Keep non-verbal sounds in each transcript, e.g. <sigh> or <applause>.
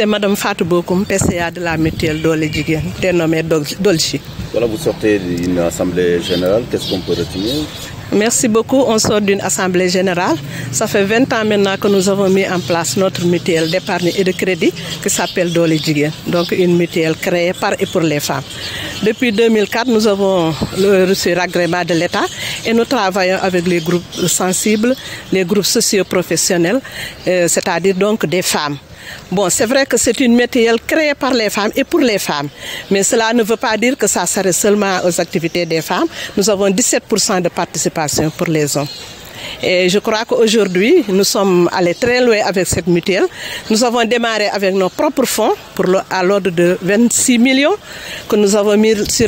c'est Madame Fatou Bokoum, PCA de la mutuelle Dole Jigen, dénommée Dolchi. Voilà, vous sortez d'une assemblée générale, qu'est-ce qu'on peut retenir Merci beaucoup. On sort d'une assemblée générale. Ça fait ans maintenant que nous avons mis en place notre mutuelle d'épargne et de crédit qui s'appelle Dole Jigen, donc une mutuelle créée par et pour les femmes. Depuis 2004, nous avons reçu l'agrément de l'État et nous travaillons avec les groupes sensibles, les groupes socioprofessionnels, euh, à dire donc des femmes. Bon, c'est vrai que c'est une métier créée par les femmes et pour les femmes, mais cela ne veut pas dire que ça s'arrête seulement aux activités des femmes. Nous avons pour les hommes. Et je crois qu'aujourd'hui, nous sommes allés très loin avec cette mutuelle. Nous avons démarré avec nos propres fonds pour le,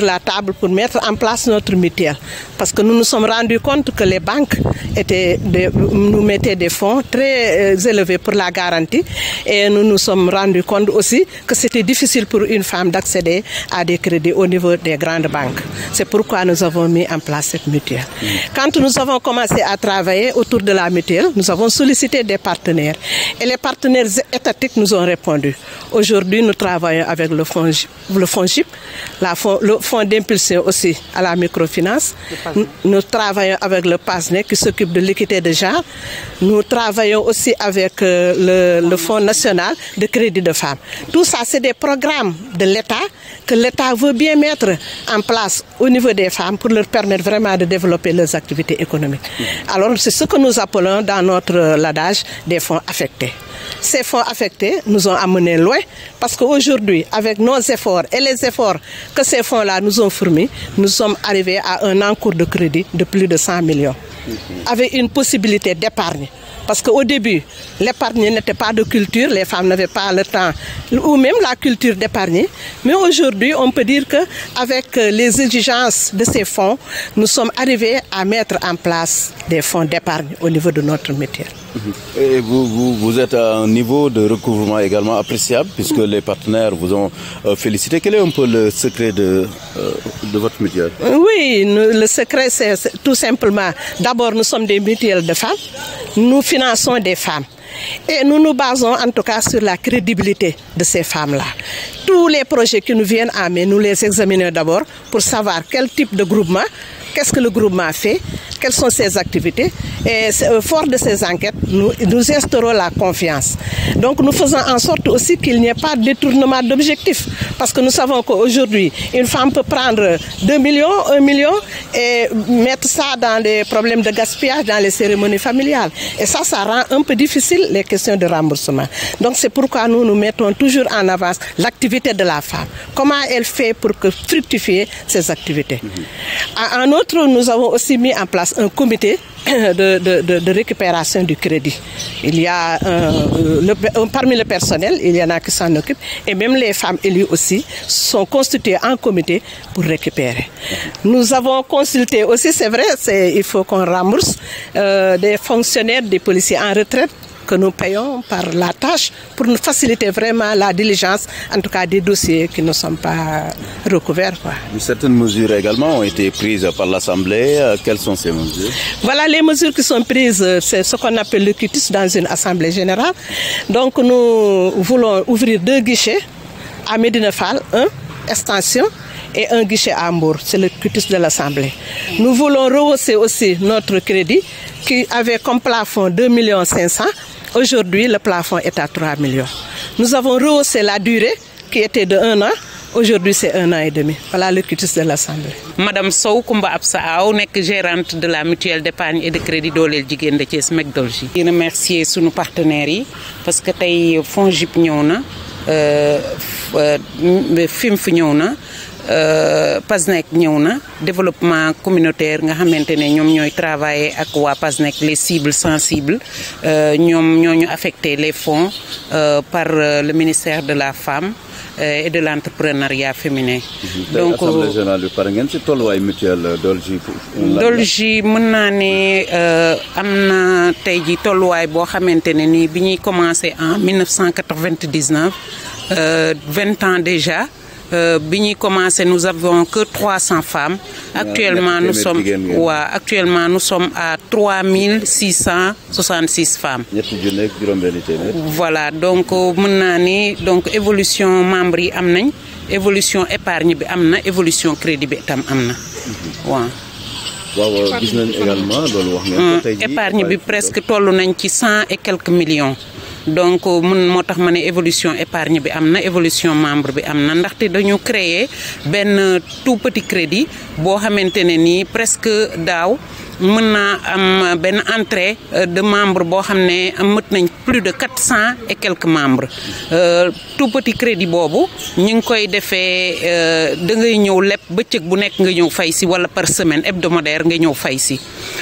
la table pour mettre en place notre mutuelle. Parce que nous nous sommes rendus compte que les des fonds très euh, élevés pour la garantie et nous nous sommes rendus compte aussi que c'était difficile pour une femme d'accéder à des crédits au niveau des grandes banques. C'est pourquoi nous avons mis en place cette travaillé autour de la mutuelle, nous avons sollicité des partenaires et les partenaires étatiques nous ont répondu. Aujourd'hui, nous travaillons avec le fonds, le la fonds d'impulsion aussi à la microfinance. Nous, e. nous travaillons avec le PASNE qui s'occupe de l'équité de genre. Nous travaillons aussi avec euh, le, le Fonds national de crédit de femmes. Tout ça, c'est des programmes de l'État que l'État veut bien mettre en place au niveau des femmes pour leur permettre vraiment de développer leurs activités économiques. Mm. Alors c'est ce que nous appelons dans notre euh, l'adage des fonds affectés. Ces fonds affectés nous ont amenés loin parce qu'aujourd'hui, avec nos efforts et les efforts que ces fonds-là nous ont fournis, nous sommes arrivés à un encours de crédit de plus de 100 millions, mm-hmm. avec une possibilité d'épargne. Parce que au début, lépargner n'était pas de culture, les femmes n'avaient pas le temps, ou même la culture d'épargner. Mais aujourd'hui, on peut dire qu'avec euh, les exigences de ces fonds, nous sommes arrivés à mettre en place des fonds d'épargne au niveau de notre métier. Mm-hmm. Et vous, vous, vous, êtes à un niveau de recouvrement également appréciable, puisque mm-hmm. les partenaires vous ont euh, félicité. Quel le secret de, euh, de votre mutuelle simplement, d'abord, nous sommes des mutuelles de femmes. nous finançons des femmes. Et nous nous basons en tout cas sur la crédibilité de ces femmes-là. Tous les projets qui nous viennent à main, nous les examinons d'abord pour savoir quel type de groupement qu'est-ce que le groupement fait, quelles sont ses activités. Et euh, fort de ces enquêtes, nous, nous instaurons la confiance. Donc nous faisons en sorte aussi qu'il n'y ait pas de détournement d'objectifs. Parce que nous savons qu'aujourd'hui, une femme peut prendre 2 millions, 1 million et mettre ça dans des problèmes de gaspillage, dans les cérémonies familiales. Et ça, ça rend un peu difficile les questions de remboursement. Donc c'est pourquoi nous nous mettons toujours en avance l'activité de la femme. Comment elle fait pour que fructifier ses activités. En Outre, nous avons aussi mis en place un comité <clears throat> de, de, de récupération du crédit. Il y a un, euh, le, parmi le personnel, il y en a qui s'en occupent, et même les femmes élues aussi sont constituées en comité pour récupérer. Nous avons consulté aussi, c'est vrai, il faut qu'on rembourse euh, des fonctionnaires, des policiers en retraite que nous payons par la tâche pour nous faciliter vraiment la diligence, en tout cas des dossiers qui ne sont pas recouverts. Quoi. Certaines mesures également ont été prises par l'Assemblée. Euh, quelles sont prises, euh, ce qu'on appelle le quitus dans une Assemblée générale. Donc nous voulons ouvrir deux guichets à Médinefal, un extension et un guichet à Hambourg. C'est le cutus de l'Assemblée. Nous voulons rehausser aussi notre crédit qui avait comme plafond Aujourd'hui, le plafond est à 3 millions. Nous avons rehaussé la durée qui était de 1 an. Aujourd'hui, c'est un an et demi. Voilà le cutus de l'Assemblée. Madame Sow Koumba aw nekk gérante de la mutuelle d'épargne et de crédit dooleel jigéen de Thiès McDolji. di remercier sunu partenaires yi parce que tey FONGIP ñëw na euh, euh, fi ñëw na. Euh, PASNEC ñëw na développement communautaire nga xamante ne ñoom ñooy travailler ak waa PASNEC les cibles sensibles euh, ñoom ñoo ñu affecté les fonds euh, par le ministère de la femme et de l'entrepreneuriat féminin. Mhm. donc assemblée générale bi pare ngeen ci tolluwaay mutuelle mën naa ne am na tey ji tolluwaay boo xamante ne nii bi ñuy commencé en 1999 vingt ans déjà. Euh, bi ñuy commencé nous avons que 300 femmes. actuellement nous sommes waa actuellement nu sommes à 3666 femmes. ñetti junne ak juróom-benni téeméer. voilà donc euh, mën naa ni donc évolution membres yi am nañ évolution épargne bi am na évolution crédit bi itam am na mhm. waaw. wax épargne bi presque toll nañ ci cent et quelques millions. donc mun moo tax ma ne évolution épargne bi am na évolution membre bi am na ndaxte dañu créer benn tout petit crédit boo xamante ne nii presque daaw mën naa am benn entrée euh, de membre boo xam ne am mët nañ plus de quatre cent et quelques membres euh, tout petit crédit boobu ñu ngi koy defee euh, da ngay ñëw lépp bëccëg bu nekk nga ñëw fay si wala par semaine hebdomadaire nga ñëw fay si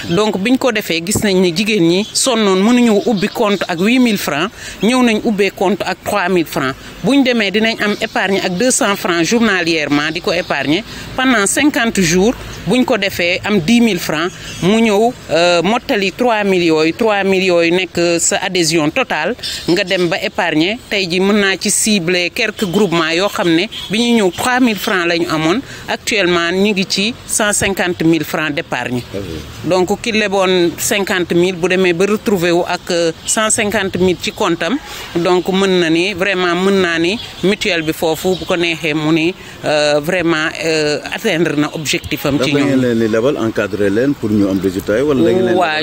donc biñ ko defee gis nañ ne jigéen ñi sonnoon mënuñu ubbi compte ak 8000 francs ñëw nañ ubbee compte ak 3000 francs buñ demee dinañ am épargne ak 200 francs journalièrement di ko épargner pendant 50 jours buñ ko defee am 10 000 francs mu ñëw euh, mottali 3000 yooyu 3000 yooyu nekk euh, sa adhésion totale nga dem ba épargner tey ji mën naa ci cibler quelques groupements yoo xam ne bi ñuy ñëw 3000 francs la ñu amoon actuellement ñu ngi ci 150 000 francs d'épargne ah donc donc ki leboon cinquante mille bu demee ba retrouver wu ak euh, cent cinquante mille ci compte am donc mën na ni vraiment mën naa ni mutuelle bi foofu bu ko neexee mu ni euh, vraiment euh, atteindre na objectif am. ci ñoom da leen di lebal encadré leen pour ñu am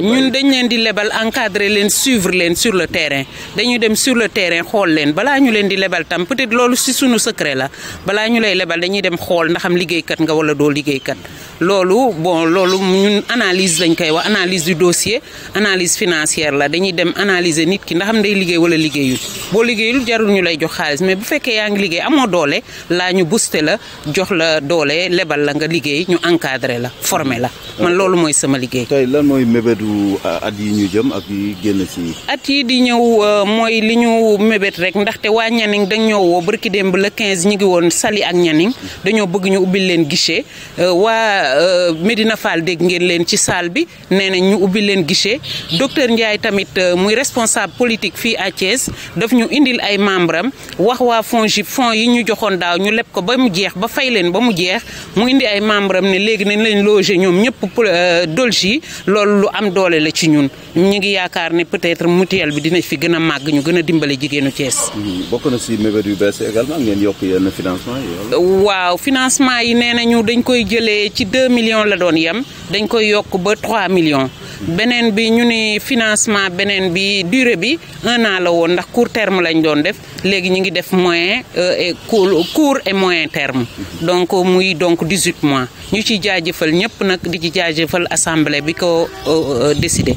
ñun dañ leen di lebal encadré leen suivre leen sur le terrain dañuy dem sur le terrain xool leen balaa ñu leen di lebal tam peut-être loolu si suñu secret la balaa ñu lay lebal dañuy dem xool ndaxam am liggéeykat nga wala doo liggéeykat. loolu bon loolu ñun analyse lañ koy wax analyse du dossier analise financière la dañuy dem analyser nit ki ndaxam am day liggéey wala liggéeyul boo liggéeyul jarul ñu lay jox xaalis mais bu fekkee yaa ngi liggéey amoo doole laa ñu booster la jox la doole lebal la nga liggéey ñu encadré la formé la man loolu mooy sama liggéey. lan mooy mébétu at yi ñu jëm ak yi génn ci. at yi di ñëw euh, mooy li ñu mébét rek ndaxte waa Nianing dañ ñoo woo barki démb le 15 ñu ngi woon Saly ak Nianing mm. dañoo bëgg ñu ubbil leen guichet euh, waa Euh, Medina Fall dégg ngeen leen ci salle bi nee nañ ñu ubbi leen guichet docteur Ndiaye tamit euh, muy responsable politique fii à Thiès daf ñu indil ay membre am wax waa FONGIP fonds yi ñu joxoon daaw ñu leb ko ba mu jeex ba fay leen ba mu jeex mu indi ay membre am ne léegi nañ leen loger ñoom ñëpp euh, dolji loolu lu am doole la ci ñun ñu ngi yaakaar ne peut-être mutuelle bi dina fi gën a màgg ñu gën a dimbale jigéenu cees hmm, bokk na si mébét yu bees également yokk yenn financement yi. waaw financement yi nee nañu dañ koy jëlee ci million la doon yem dañ koy yokk ba 3 millions beneen bi ñu ni financement beneen bi durée bi un an la woon ndax court terme lañ doon def léegi ñu ngi def moyen euh, et court et moyen terme donc euh, muy donc 18 mois ñu ci jaajëfal ñëpp nag di ci jaajëfal assemblée bi ko euh, décidé